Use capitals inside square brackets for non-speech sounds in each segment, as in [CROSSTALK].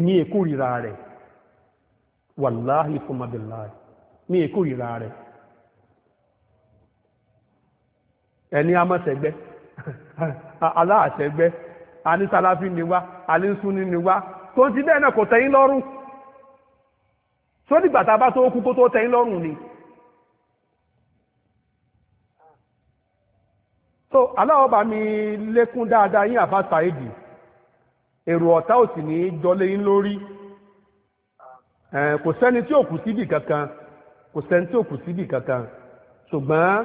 ni èkórìíra rẹ̀ wàláhì fúnmabìláì mi èkórìíra rẹ̀ ẹni amọ̀sẹ̀gbẹ́ [LAUGHS] aláàṣẹgbẹ́ anísàláfí ni alínsúní ni tó ti bẹ́ẹ̀ náà kò tẹ́yìn lọ́rùn sódìgbà tá bá tó kú kó tó tẹ́yìn lọ́rùn ni. so aláwọ̀ bá mi lékún dáadáa yín àbá sàédì. èrò ọ̀tá ò sì ní í jọlé yín lórí kò sẹ́ni tí ò kù síbì kankan kò sẹ́ni tí ò kù síbì kankan ṣùgbọ́n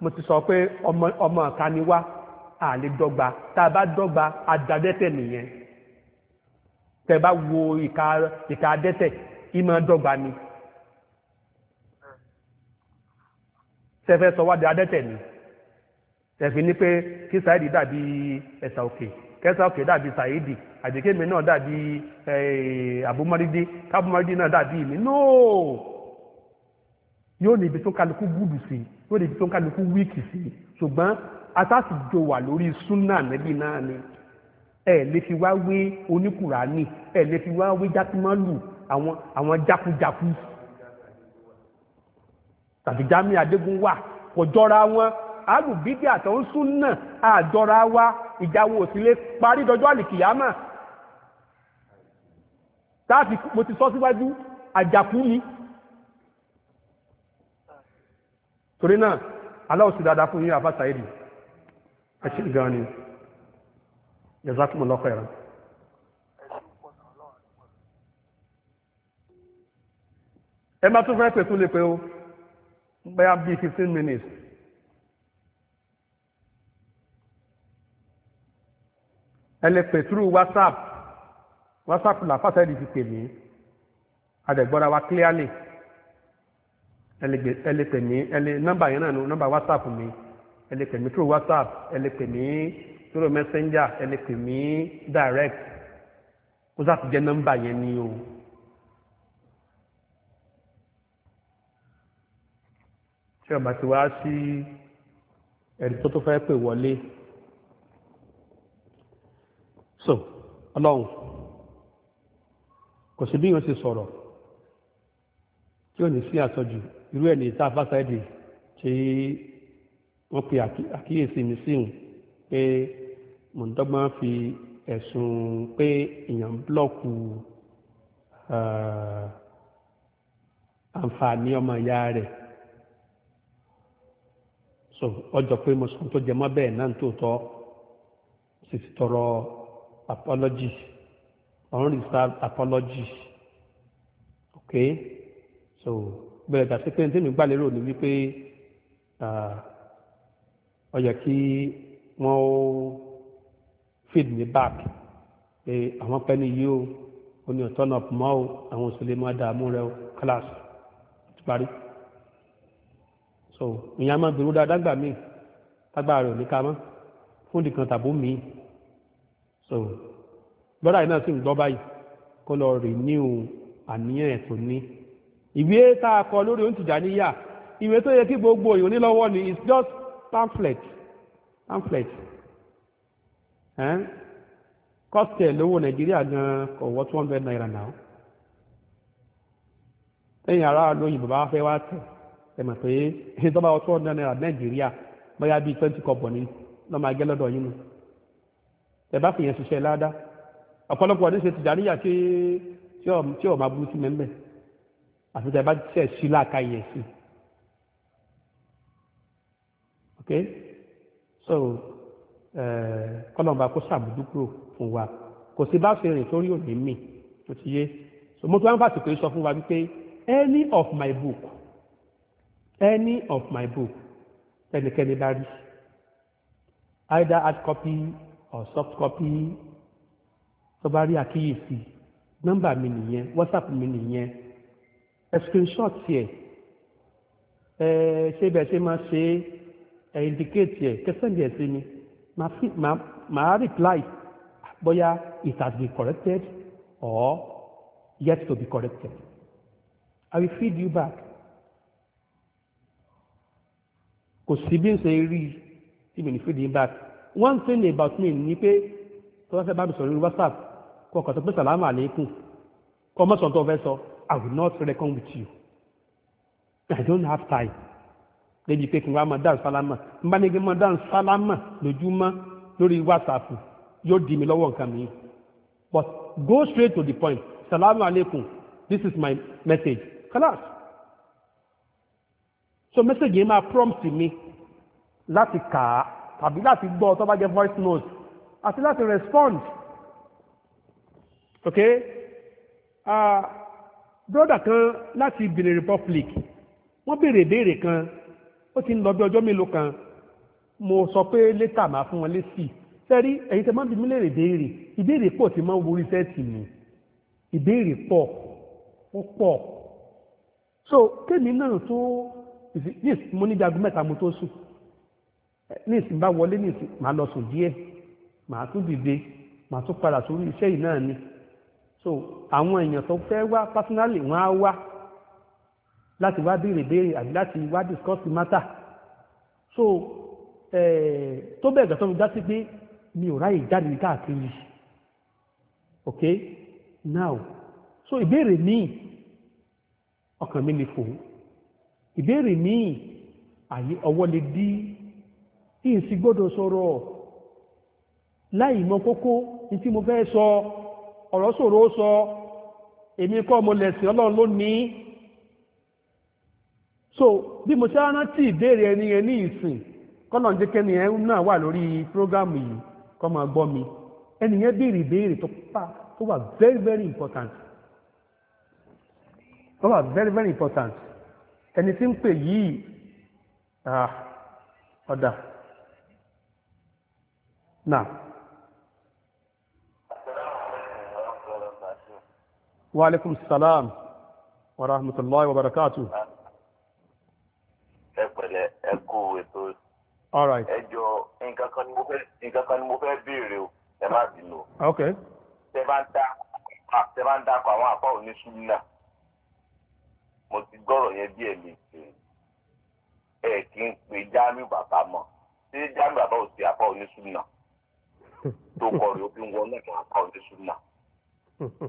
mo ti sọ pé ọmọ ọmọ ọ̀ka ni lè dọ́gba tá a bá dọ́gba adadẹ́tẹ̀ nìyẹn tẹ́ bá wo ìka ìka adẹ́tẹ̀ ìmọ̀ dọ́gba ni tẹ́fẹ́ sọ wá di adẹ́tẹ̀ ni tẹ̀fi ni pé kí sáyẹ́dì dàbí ẹ̀sà òkè. Okay kẹsà òkè dàbí sàyédì àjẹkẹ́mi náà dàbí àbúmọ́rídé kábúmọ́rídé náà dàbí èmi nóò yóò ní ibi tó kálukú gúdù sí yóò ní ibi tó kálukú wíìkì sí ṣùgbọ́n atásì jọ wà lórí súnà nẹ́bí náà ni ẹ lè fi wá wé oníkùránì ẹ lè fi wá wé jákúmọ́lù àwọn àwọn jákujáku tàbí jámi adégún wà kò jọra wọn alùbídí àtọ̀ àjọra wa ìjáwó ò sí lè parí dọjọ́ àlìkìyámà táàfi mo ti sọ síwájú àjàkú ni torí náà aláwọ̀ sí dáadáa fún yín àfà Saidi ẹ̀ṣin gan ni jazakumullahu khairan ẹ má tún fẹ́ pẹ̀tún lè pé ó bẹ́yà bíi fifteen minutes. ẹ lè pè WhatsApp, whatsapp whatsapp làfàṣẹ́lì ti pè mí adẹ̀gbọ́ra wa clearly ẹ lè pè mí ẹ lè nọ́mbà yẹn náà nù nọ́mbà whatsapp mi ẹ lè pè mí through whatsapp ẹ lè pè mí through messenger ẹ lè pè mí direct ó sáà ti jẹ́ nọ́mbà yẹn ni o. tí ọba ti wá sí ẹ̀rí tó tó fẹ́ pè wọlé. so ọlọ́run kò sí bí wọ́n ti sọ̀rọ̀ tí ò ní sí àtọ́jú irú ẹ̀ ní ìta fásáìdì tí wọ́n pe àkíyèsí mi síhùn pé mò ń dọ́gbọ́n fi ẹ̀sùn pé èèyàn búlọ́ọ̀kù àǹfààní ọmọ ìyá rẹ̀ so ọjọ́ pé mo sọ tó jẹ mọ́ bẹ́ẹ̀ náà tó tọ́ sì ti tọrọ apology unreserved apology Okay, so bẹ̀rẹ̀ dàsí pé ní tèmi gbà lérò ní wípé ó yẹ kí wọ́n ó feed me back pé àwọn pẹ́ ní yìí o ó ní ọ̀tọ́nà ọ̀pọ̀mọ́ o àwọn òṣèlú máa dààmú rẹ o class ti parí so ìyẹn a máa bẹ̀rù dáadáa gbà míì tágbà rẹ̀ ò ní ká mọ́ fún ìdìkan tàbó míì. so bọ́dà yìí ń gbọ́ báyìí kó lọ renew àníyàn ẹ̀ ní ìwé tá a kọ lórí oúnjẹ ìjàníyà ìwé tó yẹ kí gbogbo èèyàn nílọ́wọ́ ni it's just pamphlet pamphlet kọ́sítẹ̀ lówó nàìjíríà gan kò wọ́ two naira náà ẹ̀yìn ará lóyìnbó bá fẹ́ wá tẹ̀ ẹ mọ̀ pé ìjọba ọtún ọdún náírà nàìjíríà bóyá bíi twenty ni lọ́mọ agẹ́lọ́dọ̀ ẹ bá fi yẹn ṣiṣẹ́ ládá ọ̀pọ̀lọpọ̀ ọdún ṣe ti dà níyà tí ọ̀ máa burú sí mẹ́mẹ́ àti tẹ bá tẹ̀ sí láàka yẹn sí ok so kọ́lọ́mùbá kó sàmójúkúrò fún wa kò sí bá ṣe rìn sórí òní mi tó ti yé so mo tún wá ń fàṣìkò sọ fún wa wípé any of my book any of my book ẹnikẹ́ni bá rí either hard copy or soft copy tó bá rí àkíyèsí nọ́mbà mi nìyẹn whatsapp mi nìyẹn screenshot tiẹ̀ ẹ ṣe bẹ́ẹ̀ ṣe máa ṣe ẹ indicate tiẹ̀ kẹsàn-án ẹ̀ sí mi màá reply bóyá it has been corrected or yet to be corrected I will feed you back kò sí bí n ṣe rí tí mi ní feed you back one thing about me ni pé tó bá fẹ́ bá mi sọ̀rọ̀ lórí whatsapp kọ kàn tó pé sàlámà àlékún kọ mọ́ sọ̀tọ̀ fẹ́ sọ i will not reckon with you i don't have time débi pé kí n wá máa dáhùn sálámà n bá ní kí n máa dáhùn sálámà lójúmọ́ lórí whatsapp yóò di mi lọ́wọ́ nǹkan mi but go straight to the point salamu alaikum this is my message class so message yìí máa prompt mi láti kà á àbí láti gbọ́ tó bá jẹ́ voice note àti láti respond ok uh, ah, broda kan láti Benin Republic wọ́n béèrè ìbéèrè kan ó ti ń lọ bí ọjọ́ mélòó kan mo sọ pé létà máa fún wọn lésì sẹ́rí ẹ̀yin tẹ́ máa bí mi lè béèrè ìbéèrè pọ̀ tí máa ń borí sẹ́ẹ̀tì mi ìbéèrè pọ̀ ó pọ̀ so kémi náà tó yes mo ní bí aago mẹ́ta mo tó sùn ní bá wọlé màá lọ sùn díẹ̀ màá tún dìde màá tún padà sórí ise yìí náà ni so àwọn èèyàn tó fẹ́ wá personally wọ́n á wá láti wá béèrè béèrè àbí láti discuss the matter so tó bẹ́ẹ̀ gàtọ́ mi dá pé mi ò ráyè jáde káàkiri ok now so ìbéèrè míì ọkàn mi lè fò ìbéèrè míì àyè ọwọ́ lè ìsì gbọ́dọ̀ sọ̀rọ̀ láì ọ kókó ní tí mo fẹ́ sọ ọ̀rọ̀ sòro sọ èmi kọ́ mo lẹ̀sìn ọlọ́run lónìí so bí mo ṣe rántí ìbéèrè ẹni yẹn ní ìsìn kọ́nà jẹ́kẹ́ni ẹ̀ náà wà lórí prógámù yìí kọ́ máa gbọ́ mi ẹni yẹn béèrè ìbéèrè tó pa tó wà very very important tó wà very very important ẹni tí ń pè yìí ah, ọ̀dà. نعم وعليكم السلام ورحمة الله وبركاته all right ẹjọ nǹkan kan ni mo fẹ́ nǹkan o ẹ má bínú. ok. tẹ bá ń dá tẹ bá ń dákọ àwọn àpá oníṣúná mo ti gbọ́rọ̀ yẹn bí ẹ̀mí ẹ̀ kí n pe Jamiu bàbá mọ̀ ṣé Jamiu bàbá ò sí àpá oníṣúná. tó kọ rẹ̀ obi wọn náà kí wọ́n kọ́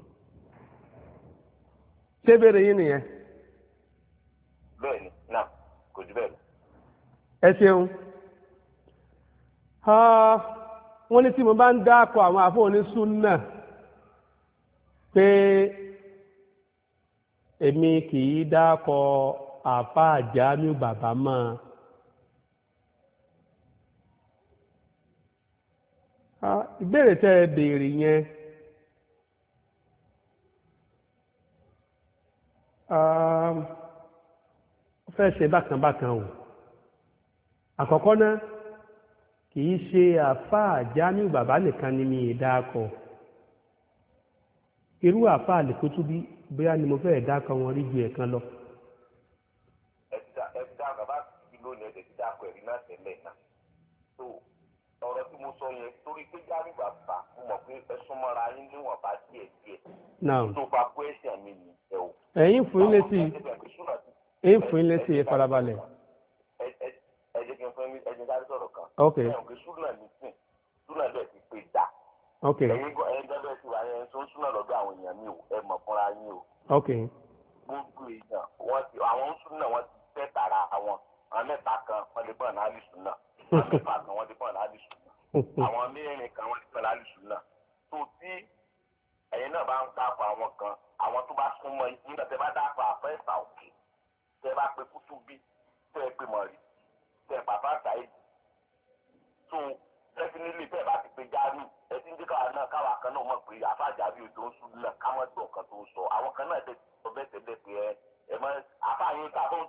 ṣé bèrè yín nìyẹn. náà kò jù lọ. ẹ ṣeun ní tí mo bá ń dáàkọ àwọn àfọwọ́ní súnà pé èmi kì í dáàkọ àfáà bàbá máa. ìbéèrè tẹ́ ẹ béèrè yẹn ó um, fẹ́ ṣe bákan bákan o àkọ́kọ́ náà kì í ṣe àfáà Jamiu bàbá nìkan ni mi ì dákọ̀ irú àfáà al bí bóyá ni mo fẹ́ dákọ̀ wọn rí ju ẹ̀kan lọ. ẹ dá bàbá ìlú ni ẹ dákọ̀ ẹ̀rí náà náà. ọ̀rọ̀ tí mo sọ yẹn torí pé járìgbà bá mo mọ̀ pé ẹ̀sùn mọ́ra yín níwọ̀n bá díẹ̀ díẹ̀. tó bá kó ẹ̀sẹ̀ mi ní ìfẹ́ o. ẹ̀yin fún ilé sí ẹ̀yin fún ilé sí ẹ farabalẹ̀. kí n fún ẹ jẹ́ dárí sọ̀rọ̀ kan. ok ẹ̀yin kò súnà ní sìn súnà bẹ́ẹ̀ ti pé dà. ok ẹ̀yin gbọ́dọ̀ ti wà ẹ̀yin tó ń súnà lọ́dọ̀ àwọn èèyàn mi ò ẹ mọ̀ fúnra yín o. ok gbogbo èèyàn wọ́n ti àwọn ń súnà wọ́n ti tẹ́ tààrà àwọn àwọn mẹ́ta kan wọ́n ti bọ̀ náà lùsùn náà àwọn mẹ́ta kan wọ́n ti bọ̀ náà lùsùn àwọn mẹ́rin kan wọ́n ti pẹ̀lú àlùsùn náà tó tí ẹ̀yin náà bá ń dápọ̀ àwọn kan àwọn tó bá súnmọ́ nígbà tẹ́ bá dápọ̀ àfẹ́sà òkè tẹ́ bá pe kútú bí tẹ́ pe mọ̀rí tẹ́ bàbá sàyè tó definitely tẹ́ bá ti pe jáàrú ẹtí ń díkà náà káwa kan náà mọ̀ pé àfàjàbí ojú ń sùn náà ká mọ̀ gbọ̀n kan tó ń sọ àwọn kan náà tẹ́ sọ bẹ́ẹ̀ tẹ́lẹ̀ pé ẹ ẹ mọ àfàyè tá a fọ́ ń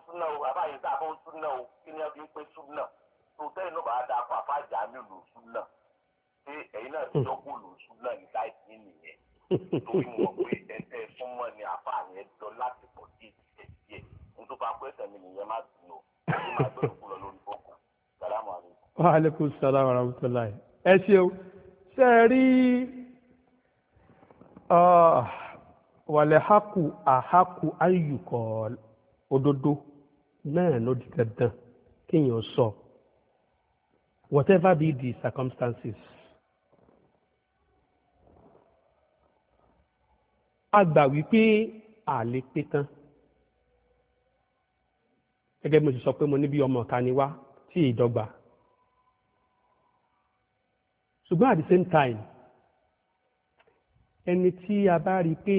sún náà o o kí ni ẹ fi tó tẹ́yìn náà bá da pàpà jà mí lòsù náà ṣé ẹ̀yin náà ti hmm. dọ́kọ̀ lòsù náà ní láìsí nìyẹn torí mo mọ̀ pé ẹ̀ẹ́dẹ́ súnmọ́ ni àfa yẹn dọ́ láti pọ̀ sí ìṣẹ̀ díẹ̀ nítorí pa pé ẹ̀sẹ̀ mi nìyẹn má dùn ó ṣé máa gbé òkú lọ lórí fókù sàlámù alaykum. wa aleykum salaam wa rahmatulahi ẹ ṣeun ṣe é rí wàlẹ̀ haku àhaku ayùkọ̀ òdodo náà ló di dandan kéèyàn sọ. So whatever be the circumstances. a gbà wípé a lè pé tán gẹ́gẹ́ bí mo ti sọ pé mo ní bí ọmọ ọ̀ta ni wá tí ìdọ́gba ṣùgbọ́n at the same time ẹni tí a bá rí pé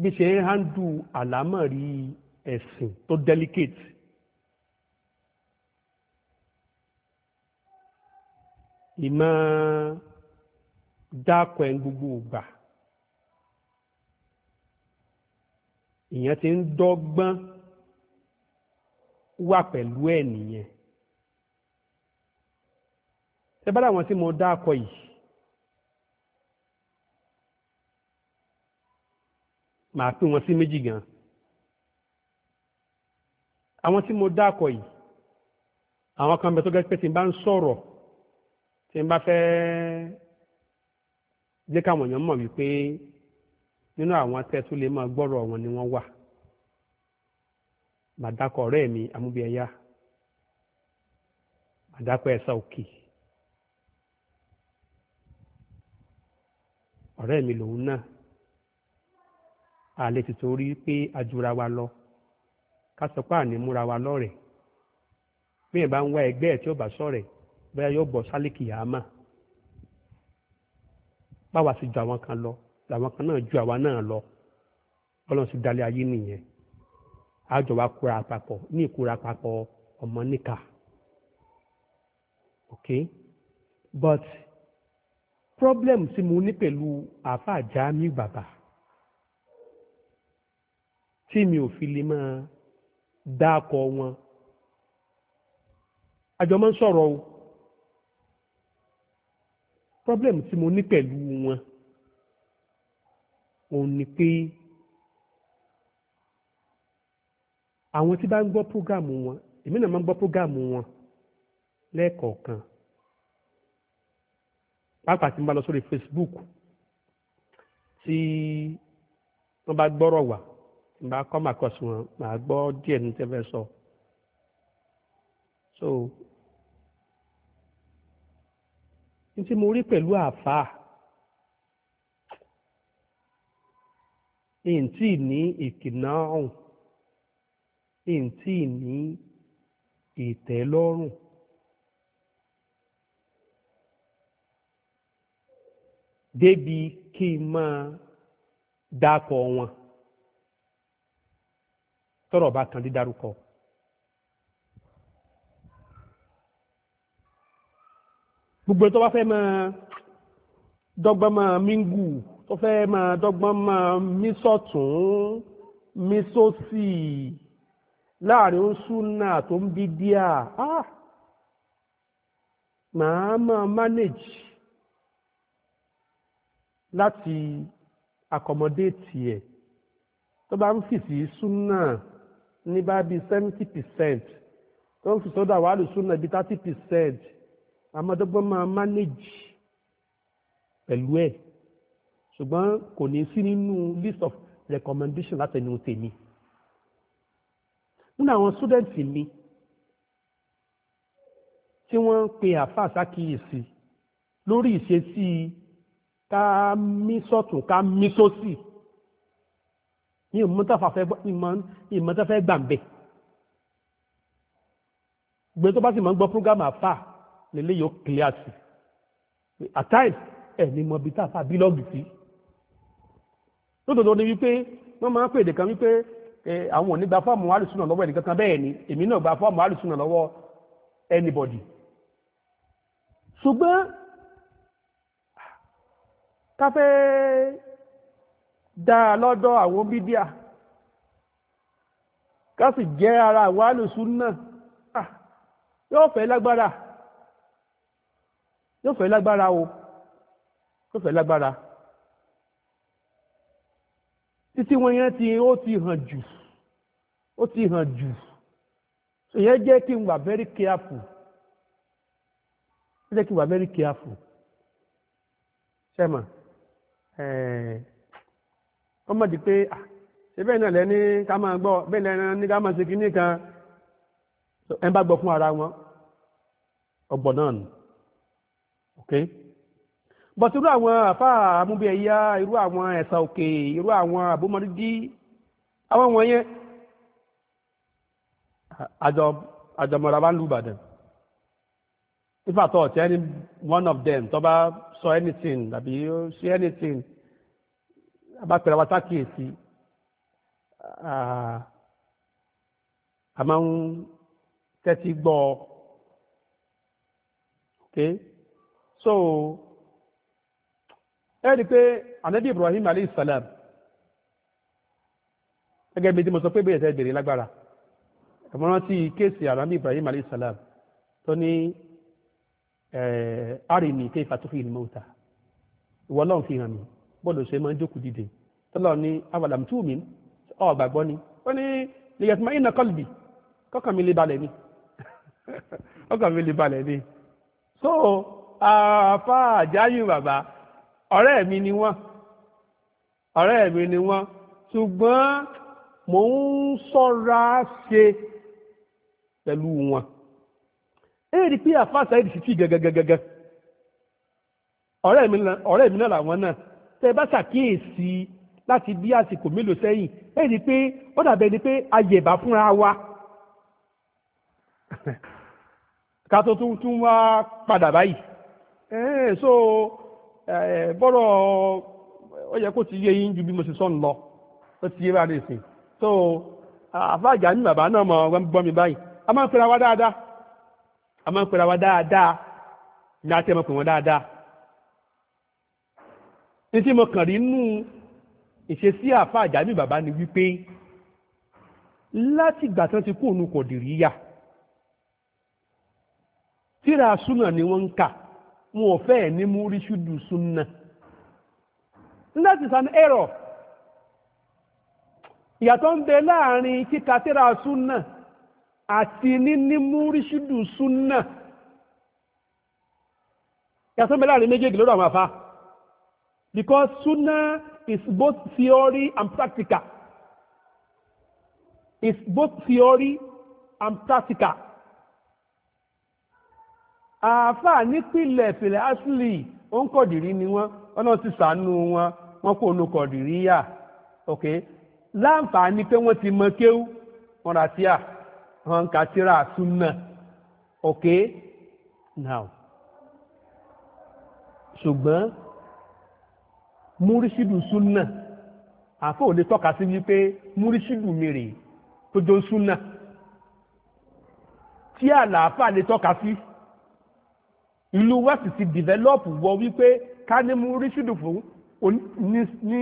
bí ṣe ń handle àlámọ̀rí ẹ̀sìn tó delicate. ìmọ̀ dákọ̀ ẹ̀ ń gbogbo ògbà ìyẹn ti ń dọ́gbọ́n wà pẹ̀lú ẹ̀ nìyẹn ṣé bá láwọn tí mo dákọ̀ yìí màá pín wọn sí méjì gan-an àwọn tí mo dákọ̀ yìí àwọn kan bẹ tó gẹ́gẹ́ pé tí n bá ń sọ̀rọ̀ tí n bá fẹ́ jẹ́ káwọn èèyàn mọ̀ wípé nínú àwọn tẹ́tú lè máa gbọ́rọ̀ wọn ni wọ́n wà màdákọ̀ ọ̀rẹ́ mi amúbíẹ̀yà màdákọ̀ ẹ̀sà òkè ọ̀rẹ́ mi lòun náà àlè tìtorí pé ajura wa lọ ká sọ pé àní múra wa lọ́rẹ̀ bí yẹn bá ń wá ẹgbẹ́ ẹ̀ tí ó bá sọ̀rẹ̀ bóyá yóò bọ̀ sálíkì yàámà báwa sì ju àwọn kan lọ làwọn kan náà ju àwa náà lọ ọlọ́run sì dalẹ̀ ayé nìyẹn àjọ wa kóra papọ̀ ní ìkóra papọ̀ ọmọ níkà okay but problem tí mo ní pẹ̀lú àáfàá Jamiu bàbá tí mi ò fi lè máa dákọ wọn àjọmọ́ ń sọ̀rọ̀ o problem tí mo ní pẹ̀lú wọn òun ni pé àwọn tí bá ń gbọ́ prógámù wọn èmi náà máa ń gbọ́ prógámù wọn lẹ́ẹ̀kọ̀ọ̀kan pàápàá tí mo bá lọ sórí Facebook tí wọ́n bá gbọ́rọ̀ wá bá kọ́ màá kọ́ sí wọn gbọ́ díẹ̀ ní tẹ́fẹ́ sọ. so n tí mo rí pẹ̀lú àáfàá n tí ní ìkìnnà ọ̀hún n tí ní ìtẹ́lọ́rùn. débi kí n máa dákọ̀ wọn tọ́rọ̀ bá kan dídárúkọ. gbogbo tó bá fẹ́ máa dọ́gbọ́n máa míngù tó fẹ́ máa dọ́gbọ́n máa mísọ̀tún mísọ́sì láàrin oṣùnà tó ń bí díà ah! màá máa manage láti accommodate ẹ̀ tó bá ń fìsí súnà ní bá bíi seventy percent tó ń fi sọ́dọ̀ àwọn àlùsùn náà bíi thirty percent àmọ́dọ́gbọ́n máa manage pẹ̀lú ẹ̀ ṣùgbọ́n kò ní sí nínú list of recommendation látẹnu tèmi nínú àwọn student mi tí wọ́n ń pe àfáà sákìyèsí lórí ìṣesí ká mí sọ́tún ká mí sósì. So ní ìmọ̀tàfẹ́ gbàǹbẹ̀ gbé tó bá sì máa ń gbọ́ program àfà lélẹ́ yóò clear sí at times ẹ̀ ní mọ̀ bí táfà bílọ́ọ̀gì sí lótòtò ni wípé wọ́n máa ń pèdè kan wípé àwọn ò ní gba fọ́ọ̀mù alùsùnà lọ́wọ́ ẹnìkankan bẹ́ẹ̀ ni èmi náà gba fọ́ọ̀mù alùsùnà lọ́wọ́ anybody ṣùgbọ́n káfẹ́ dáa lọ́dọ̀ àwọn bídíà ká sì jẹ́ ara àwọn alùsùnnà ah, yóò fẹ́ lágbára yóò fẹ́ lágbára o yóò fẹ́ lágbára títí wọn yẹn ti ó ti hàn jù ó ti hàn jù ìyẹn jẹ́ kí n wà very careful jẹ́ kí n wà very careful sẹ́mà ẹ̀ẹ́ wọ́n mọ̀ di pé ah, ṣe bẹ́ẹ̀ náà lẹ́ni ká máa gbọ́ bẹ́ẹ̀ lẹ́ni ní ká máa ṣe kíní kan ẹ bá gbọ́ fún ara wọn ọgbọ̀n náà nù ok but irú àwọn àfa amúbẹ̀ẹ́yá irú àwọn ẹ̀sà òkè irú àwọn àbúmọ́dídí àwọn wọ̀nyẹn àjọmọ̀ra bá ń lu Ìbàdàn if at all to any one of them tó bá sọ anything tàbí ṣe anything abapẹ̀rẹ̀ wa sákìyèsí a máa ń tẹ́tí gbọ́ ọ ok so ẹ rí i pé anabi Ibrahim alayhi salam gẹ́gẹ́ bí mo sọ pé bẹ́ẹ̀ tẹ́ bèrè lágbára ẹ̀mọ́ rántí kéèsì anabi Ibrahim alayhi salam tó ní arini kayfa tuhil mauta ìwọ Ọlọ́run fi hàn mí bọ́ọ̀lù ṣe máa ń jókòó dìde tọ́lọ́ ní abàlàm tú mi ọ̀ gbàgbọ́ ni ó ní lèyẹ̀tìmọ́ iná kọ́lùbì kọ́kàn mi lè balẹ̀ ni [LAUGHS] kọ́kàn mi lè balẹ̀ ni so àfa àjáyù bàbá ọ̀rẹ́ mi ni wọ́n ọ̀rẹ́ mi ni wọ́n ṣùgbọ́n mò ń ṣọ́ra ṣe pẹ̀lú wọn èèdì pé àfa sáyẹ́dì sì tì gẹ́gẹ́gẹ́gẹ́ ọ̀rẹ́ mi náà làwọn náà tẹ bá ṣàkíyèsí láti bí àsìkò mélòó sẹ́yìn ẹ rí i pé ó dàbẹ̀ ni pé ayẹ̀bá fúnra wa [LAUGHS] ká tó tún wá padà báyìí ẹ̀ẹ́n so bọ́rọ̀ ó yẹ kó ti yé yín ju bí mo ṣe sọ́n lọ ó ti yé bá lè sìn so àfáàjà ní bàbá náà mọ̀ wọ́n bọ́ mi báyìí a máa ń pera wa dáadáa a máa ń pera wa dáadáa ní àti ẹ̀ mọ̀ pé wọ́n dáadáa ní tí mo kàn rí nú ìṣesí àfa àjàmí bàbá ni wípé láti ìgbà tán ti kú òun kò dìrí yà tíra súnà ni wọ́n ń kà wọn ò fẹ́ ní múrísùdù súnà láti san ẹ̀rọ ìyàtọ̀ ń bẹ láàrin kíka tíra súnà àti níní múrísùdù súnà ìyàtọ̀ ń bẹ láàrin méjèèjì lọ́dọ̀ àwọn afá because sunnah is both theory and practical is both theory and practical. àáfàá nípìnlẹ̀ ìpìlẹ̀ ashley ó ń kọ̀dìrí ni wọ́n ọ̀nà ti sàánú wọn wọn kò nu kọ̀dìrí yà ok láǹfààní pé wọ́n ti mọ kéwú wọn rà sí à wọn kà sí ra súnà ok now ṣùgbọ́n. So, múrísìdù súnà àfọ ò lè tọ́ka sí wípé múrísìdù mi rèé tó jọ súnà tí àlàáfà lè tọ́ka sí ìlú west ti dìvẹ́lọ́pù wọ wípé ká ní múrísìdù fún ní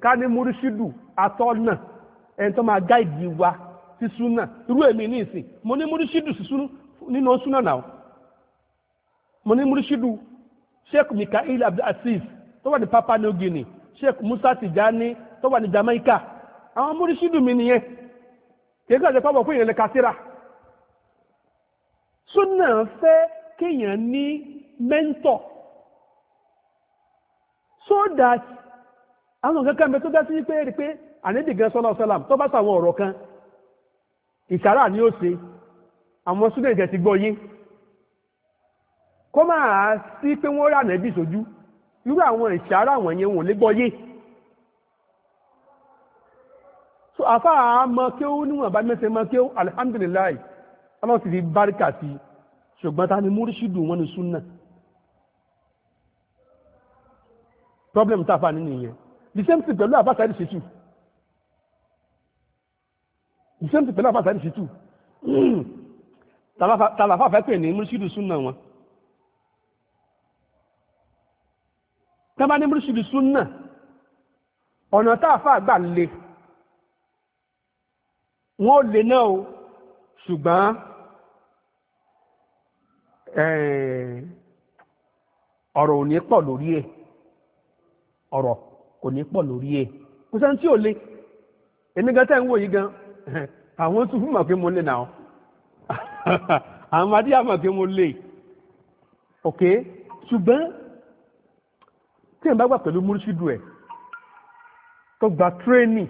ká ní múrísìdù atọ́nà ẹni tó máa gáìdì wa sí súnà irú èmi ní ìsìn mo ní múrísìdù sí súnà nínú súnà náà mo ní múrísìdù sheikh mikael abdulaziz tó wà ní Papua New Guinea Sheikh Musa Tijani tó wà ní Jamaica àwọn múrísídù mi nìyẹn kì í kàn ṣe pàbọ̀ fún ìrẹ̀lẹ̀ kásíra súnà fẹ́ kéèyàn ní mẹ́ńtọ̀ so that àwọn nǹkan kan bẹ tó dá sí pé rí pé ànídìgan sọlá ọsọlám tó bá sàwọn ọ̀rọ̀ kan ìṣàrà ni ó ṣe àwọn student ẹ̀ ti gbọ́ yín kó máa sí pé wọ́n rà nẹ́bí sójú. So irú àwọn ìṣàrà àwọn yẹn wọ́n lè gbọ́yé so àfá àmọ́ kí ó níwọ̀n bá mẹ́sẹ̀ mọ́ kí ó alhamdulilayi ọlọ́run ti fi báríkà sí ṣùgbọ́n ta ni múríṣídù wọn ni súnà problem tá a fà nínú ìyẹn the same thing pẹ̀lú àfáà sáyẹ́dì ṣètù the same thing pẹ̀lú àfáà sáyẹ́dì ṣètù tàlàfà fẹ́ pè ní múríṣídù súnà wọn tẹ́bá ní múrísìlì súnà ọ̀nà táàfà gbà lè wọ́n lè náà o ṣùgbọ́n ọ̀rọ̀ ò ní pọ̀ lórí ẹ̀ ọ̀rọ̀ kò ní pọ̀ lórí ẹ̀ kò sẹ́ni tí ò lè ẹnìkan tẹ́ ń wò yí gan àwọn tún fún mọ̀ pé mo lè náà [LAUGHS] àwọn adíyà mọ̀ pé mo lè ok ṣùgbọ́n tí èèyàn bá gbà pẹ̀lú múrísídù ẹ̀ tó gba tírénì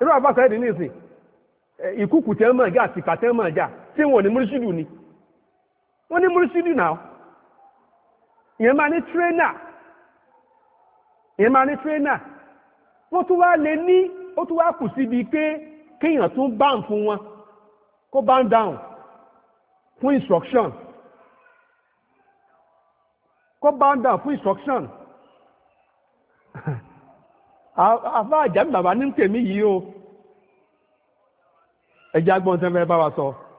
irú àbáṣà ẹ̀dín nìsín ìkúkù tẹ́ mọ̀ ẹ̀gá àti ìfàtẹ́ mọ̀ ẹ̀já tí wọn ò ní múrísídù ni wọ́n ní múrísídù náà ìyẹn máa ní tírẹ́nà ìyẹn máa ní tírẹ́nà wọ́n tún wá lè ní ó tún wá kù síbi pé kéèyàn tún bá ń fún wọn kó bá ń dáhùn fún instruction kó báńdà fún instruction àfa àjàmì bàbá ní tèmi yìí o ẹ̀jẹ̀ agbọ̀n tẹ́ fẹ́ bá wa sọ. So.